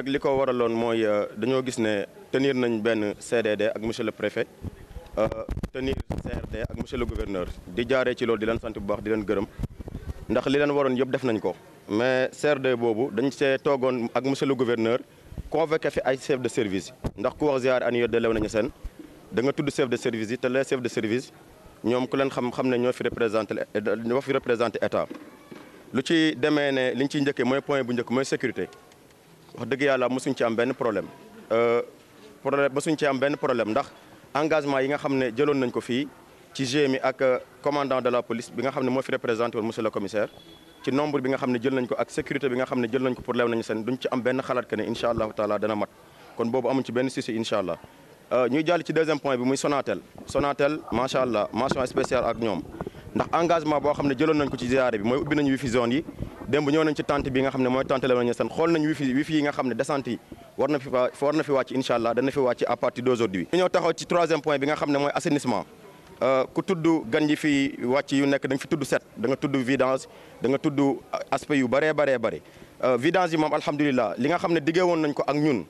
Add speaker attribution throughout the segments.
Speaker 1: nag liko waralon moy mooy euh, gis né tenir nañ benn CDD ak monsieur le préfet euh tenir CRD ak monsieur le gouverneur di jaaree ci lolou di leen sant bu baax di leen gërëm ndax li leen waron yëpp def nañ ko mais CRD bobu dañ see togon ak monsieur le gouverneur convoqué fi ay chef de service ndax ku wax ziar annuaire de Léona sen da nga tudd chef de service té te les chefs de service ñom ku leen xam xam ne ñoo fi représenter ñoo fi représenter état lu ci démé né liñ ci ñëkke moy point bu njëkk moy sécurité wax dëgg yàlla musuñ ci am ben problème euh problème musuñ ci am ben problème ndax engagement yi nga xamné jëlon nañ ko fi ci GMI ak commandant de la police bi nga xamné mo fi représenter woon monsieur le commissaire ci nombre bi nga xamné jël nañ ko ak sécurité bi nga xamné jël nañ ko pour lew nañu sen duñ ci am ben xalat que ne incha taala dana mat kon bobu amuñ ci ben souci inshallah euh ñuy jàll ci deuxième point bi muy Sonatel Sonatel machallah mention spéciale ak ñom ndax engagement bo xamné jëlon nañ ko ci ziare bi moy ubbi nañ wi fi zone yi demb ñëw nañ ci tente bi nga xam ne mooy tente la ñu seen xool nañ wifi wifi yi nga xam ne descente yi war na fi war na fi wàcc incha allah dana fi wàcc à partir d'aujourd'hui ñu ñëw taxaw ci troisième point bi nga xam ne mooy assainissement euh, ku tudd gan yi fi wàcc yu nekk da fi tudd set danga tudd vidange danga tudd aspect yu bëree bëree bëri euh, vidange yi moom alhamdulilah li nga xam ne diggee woon nañ ko ak ñun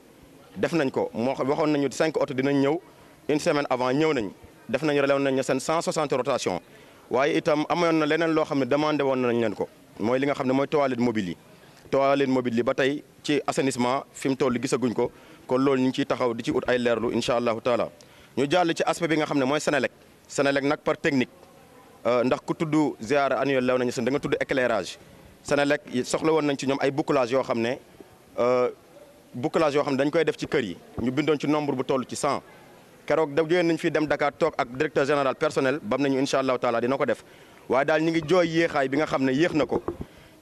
Speaker 1: def nañ ko moo waxoon nañu cinq oto dinañ ñëw une semaine avant ñëw nañ def nañ relew nañ seen 160 rotation waaye itam amoon na leneen loo xam ne demandé woon nañ leen ko mooy li nga xam ne mooy toilette mobile yi toilette mobil yi ba tey ci assainissement fi mu toll gisaguñ ko kon loolu ñu ngi ciy taxaw di ci ut ay leerlu incha allahu taala ñu jàll ci aspect bi nga xam ne mooy Senelec Senelec nag par technique euh, ndax ku tudd ziara annuelle law nañu seen da nga tudd éclairage Senelec soxla woon nañ ci ñoom ay bouclage yoo xam ne euh, bouclage yoo xam ne dañ koy def ci kër yi ñu bindoon ci nombre bu toll ci 100 keroog da jógeen nañ fi dem Dakar toog ak directeur général personnel bam nañu incha allahu taala dina ko def waaye daal ñu ngi jooy yéexaay bi nga xam ne yéex na ko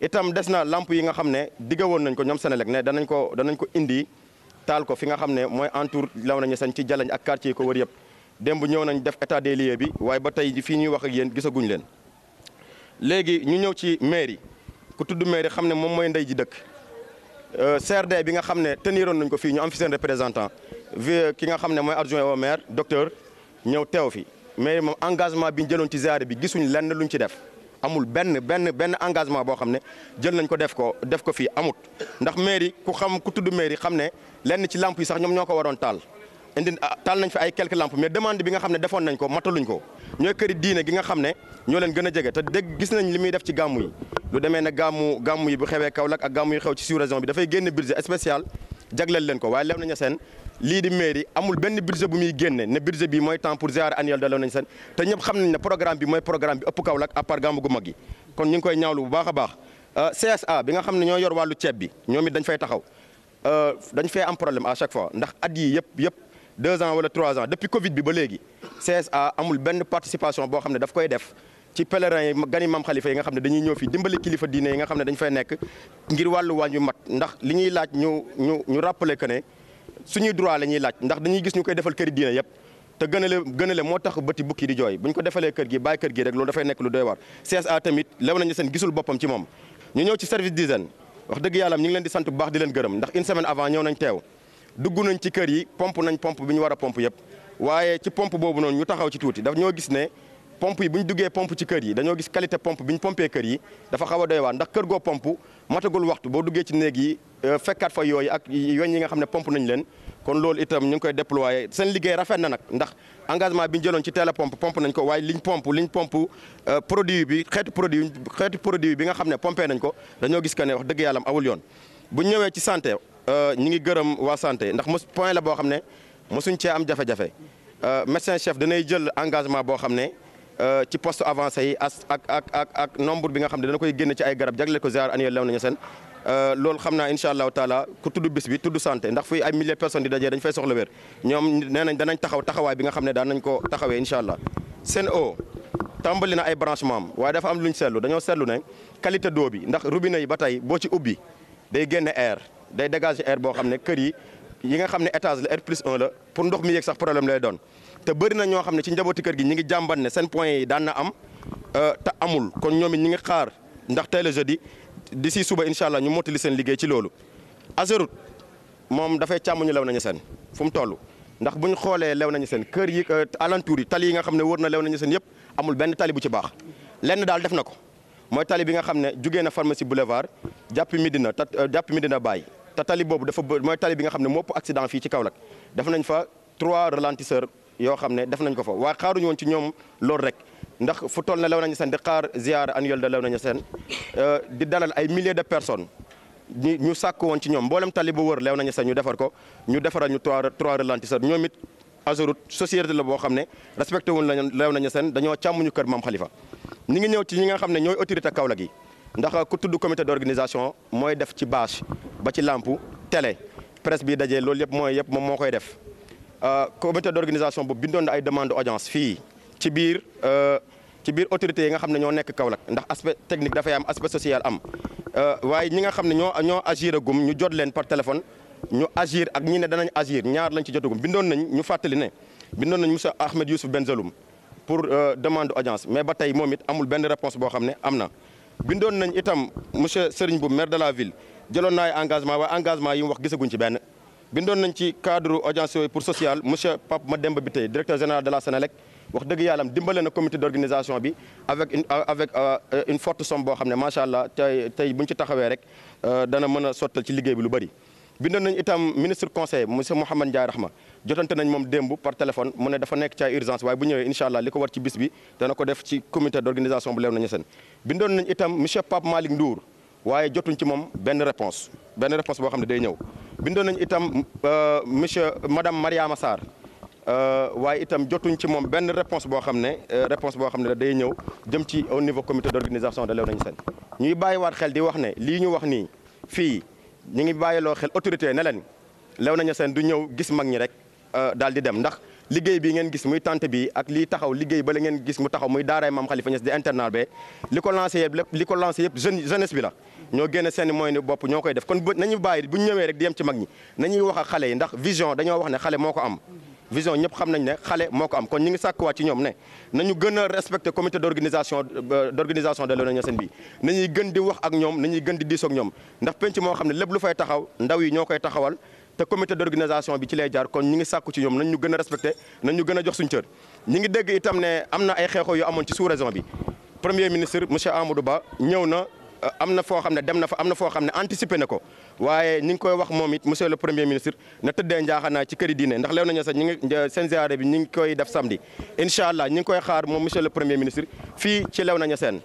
Speaker 1: itam des na lamp yi nga xam ne digga woon nañ ko ñoom seen Senelec ne danañ ko danañ ko indi taal ko fi nga xam ne mooy entour law nañu sañ ci jaleñ ak quartier ko wër yëpp démb ñëw nañ def état des lieux bi waaye ba tey fii ñuy wax ak yéen gisaguñ leen léegi ñu ñëw ci mairie ku tudd mairie xam ne moom mooy ndey ji dëkk euh, CRD bi nga xam ne teniroon nañ ko fii ñu am fi seen représentant vi ki nga xam ne mooy adjoint au maire docteur ñëw teew fi mais moom engagement bi jëlon ci ziare bi gisuñ lenn luñ ci def amul ben ben ben engagement bo xamné jël nañ ko def ko def ko fi amut ndax mairie ku xam ku tuddu mairie xamné ne lenn ci lampe yi sax ñom ñoko waron tal indi tal nañ fi ay quelques lampes mais demande bi nga xamné defon nañ ko mataluñ ko ñoy kër diine gi nga xamné ne ñoo leen gëna jege te dégg gis nañ limuy def ci gamu yi lu démé na gamu gamu yi bu xewé kaw lak ak gamu yi xew ci sous-région bi da fay génné budget spécial jagleel len ko lew Léona Niassène li di mairie amul ben budget bu muy génne ne budget bi moy temps pour ziar annuel de Léona Niassène te ñëpp xam nañ ne programme bi moy programme bi ëpp Kaolack à part gàmmu gu mag yi kon ñing koy ñaawlu bu baaxa baax euh CSA bi nga xam ni ñoo yor walu ceeb bi ñoomi dañ fay taxaw euh dañ fay am problème à chaque fois ndax at yi yep yëpp deux ans wala 3 ans depuis Covid bi ba léegi CSA amul ben participation bo xam daf koy def ci pèlerins yi gani maam xalifa yi nga xam ne dañuy ñëw fii dimbali kilifa diine yi nga xam ne dañu fay nekk ngir wàllu waañ yu mat ndax li ñuy laaj ñu ñu ñu rappeler que ne suñuy droit la ñuy laaj ndax dañuy gis ñu koy defal këri diine yëpp te gënale gënale moo tax bëti bukki di jooy buñ ko defalee kër gi bàyyi kër gi rek loolu dafay nekk lu doy waar CSA tamit lew nañu seen gisul boppam ci moom ñu ñëw ci service d'hygiène wax dëgg yàlla ñu ngi leen di sant bu baax di leen gërëm ndax une semaine avant ñëw nañ teew dugg nañ ci kër yi pompe nañ pompe bi ñu war a pompe yëpp waaye ci pompe boobu noonu ñu taxaw ci tuuti daf ñoo gis ne pompe yi bu ñu duggee pompe ci kër yi dañoo gis qualité pompe bi ñu pompee kër yi dafa xaw a doy waar ndax kër goo pompe matagul waxtu boo duggee ci néeg yi euh, fekkat fa yooyu ak yoñ yi nga xam ne pomp nañ leen kon loolu itam ñu ngi koy déployer seen liggéey rafet na nag ndax engagement bi ñu jëloon ci teel a pomp nañ ko waaye liñ pompe liñ pompe euh, produit bi xeetu produit xeetu produit bi nga xam ne pompé nañ ko dañoo gis que ne wax dëgg yàlla awul yoon bu ñu ñëwee ci santé euh, ñu ngi gërëm waa santé ndax mos point la boo xam ne mosuñ cee am jafe-jafe médecin danay jël engagement boo xam ne Euh, ci post avancé yi ak ak ak ak nombre bi nga xam ne dana koy génn ci ay garab jagleel ko ziar annuel Léona Niassène euh, loolu xam naa incha allahu taala ku tudd bis bi tudd sante ndax fi ay milliers personnes di dajee dañ fay soxla wér ñoom nee nañ danañ taxaw taxawaay bi nga xam ne daan nañ ko taxawee incha allah seen o tàmbali na ay branchement am waaye dafa am lu ñu seetlu dañoo seetlu ne qualité d'eau bi ndax robinet yi ba tey boo ci ubbi day génne air day dégager air boo xam ne kër yi yi nga xam ne étage la R plus 1 la pour ndox mi yéeg sax problème lay doon te bëri na ñoo xam ne ci njabooti kër gi ñi ngi jàmbat ne seen point yi daan na am euh, te amul kon ñoom it ñi ngi xaar ndax tey la jeudi d'ici suba incha allah ñu mottali seen liggéey ci loolu. Azerut moom dafay càmm ñu lew nañu seen fu mu toll ndax bu ñu xoolee lew nañu seen kër yi euh, alentour yi tali yi nga xam ne wër na lew nañu seen yëpp amul benn tali bu ci baax lenn daal def na ko mooy tali bi nga xam ne jugee na pharmacie boulevard jàpp Médina euh, jàpp Médina Baye te bobu dafa moy tali bi nga xam ne mopp accident fi ci Kaolack def nañ fa trois ralentisseurs yo xam def nañ ko fa waaye xaaruñu woon ci ñom lool rek ndax fu toll na Léona sen di xaar ziar annuel de sen euh di dalal ay milliers de personnes ñu ñu sàkk woon ci ñom bolem tali bu wër Léona sen ñu defar ko ñu defaral ñu trois trois ralentisseurs ñoom it Ageroute société la bo xam ne respecté wuñ la Léona sen dañoo ñu kër mam Khalifa ni nga ñew ci ñi nga xam ñoy autorité Kaolack yi ndax ku tudd comité d'organisation mooy def ci bâche ba ci làmp télé presse bi dajee loolu yëpp mooy yëpp moom moo koy def euh, comité d'organisation bu bindoon na ay demande audience fii ci biir euh, ci biir autorités yi nga xam ne ñoo nekk Kaolack ndax aspect technique dafay am aspect social am euh, waaye ñi nga xam ne ñoo ñoo agir agum ñu jot leen par téléphone ñu agir ak ñi ne danañ agir ñaar lañ ci jotagum bindoon nañ ñu fàttali ne bindoon nañ monsieur Ahmed Youssouf Benzaloum pour demande audience mais ba tey moom it amul benn réponse boo xam ne bindon nañ itam monsieur Serigne Boub maire de la ville jëloon na engagement waaye engagement yi wax gissaguñ ci ben bindon nañ ci cadre audience pour social monsieur Pape Mademba Biteye directeur général de la senelec wax deug yalam dimbalé na comité d'organisation bi avec une euh, avec euh, une forte somme bo xamné machallah tay tay buñ ci taxawé rek euh, dana mëna sotal ci liguey bi lu bari bindon nañ itam ministre conseil monsieur mohammed Ndiaye Rahma jotante nañ mom dembu par téléphone mu né dafa nek ci urgence waaye bu ñëwé inshallah liko war ci bis bi dana ko def ci comité d'organisation, bu lew nañu seen bindon nañ itam monsieur Pape malik Ndour waye jotuñ ci mom ben réponse ben réponse bo xamné day ñëw bindon nañ itam euh, monsieur madame Maria Massar. Euh, waye itam jotuñ ci mom ben réponse bo xamné ne euh, réponse bo xamné day ñëw jëm ci au niveau comité d'organisation, de leew nañu seen ñuy waat xel di wax né li ñu wax ni fii ñu ngi loo xel autorité ne leen lew nañu seen du ñëw gis mag ñi rek euh, daal di dem ndax liggéey bi ngeen gis muy tante bi ak lii taxaw liggéey ba la ngeen gis mu taxaw muy daaray maam Khalifa Niass di internat be li ko lancé yëpp lépp li ko lancé yëpp jeune jeunesse bi la ñoo génne seen moyen ni bopp ñoo koy def kon nañu bàyyi bu ñu ñëwee rek di yem ci mag ñi nañuy wax ak xale yi ndax vision dañoo wax ne xale moo ko am vision ñep xam nañ ne xale moo am kon ñu ngi sakku sàkkuwaat ci ñom né nañu gëna respecter comité d'organisation euh, d'organisation d' organisation de Léona Niassène bi nañuy gën di wax ak ñom nañuy gën di diisoo ak ñoom ndax penc mo xamné lepp lu fay taxaw ndaw yi ñoo taxawal té comité d'organisation bi ci lay jaar kon ñu ngi sakku ci ñom nañu gëna respecter nañu gëna jox suñu cër ñu ngi dégg itam né amna ay xeexoo yu amon ci sous raison bi premier ministre monsieur Amadou Ba ñëw na Euh, am na foo xam ne dem na am na foo xam ne anticiper na ko waaye ni ngi koy wax moom it monsieur le premier ministre na tëddee njaaxanaa ci këri diine ndax leew nañu sax ñi ngi seen ziare bi ñi ngi koy def samedi incha allah ñi ngi koy xaar moom monsieur le premier ministre fii ci lew nañu seen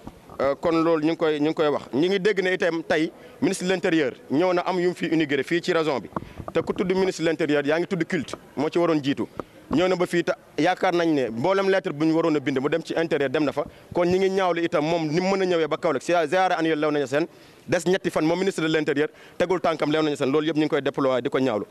Speaker 1: kon loolu ñu ngi koy ñu ngi koy wax ñi ngi dégg ne itam tey ministre de l'intérieur ñëw na am yu mu fi inauguré fii ci région bi te ku tudd ministre de l'intérieur yaa ngi tudd culte moo ci waroon jiitu ñëw na ba fii te yaakaar nañ ne mboolem lettre bu ñu waroon a bind mu dem ci intérieur dem na fa kon ñi ngi ñaawlu itam moom ni mu mën a ñëwee ba Kaolack si ziara annuelle Léona Niassène des ñetti fan moom ministre de l'intérieur tegul tànkam a Niassène loolu yëpp ñu ngi koy déployer di ko ñaawlu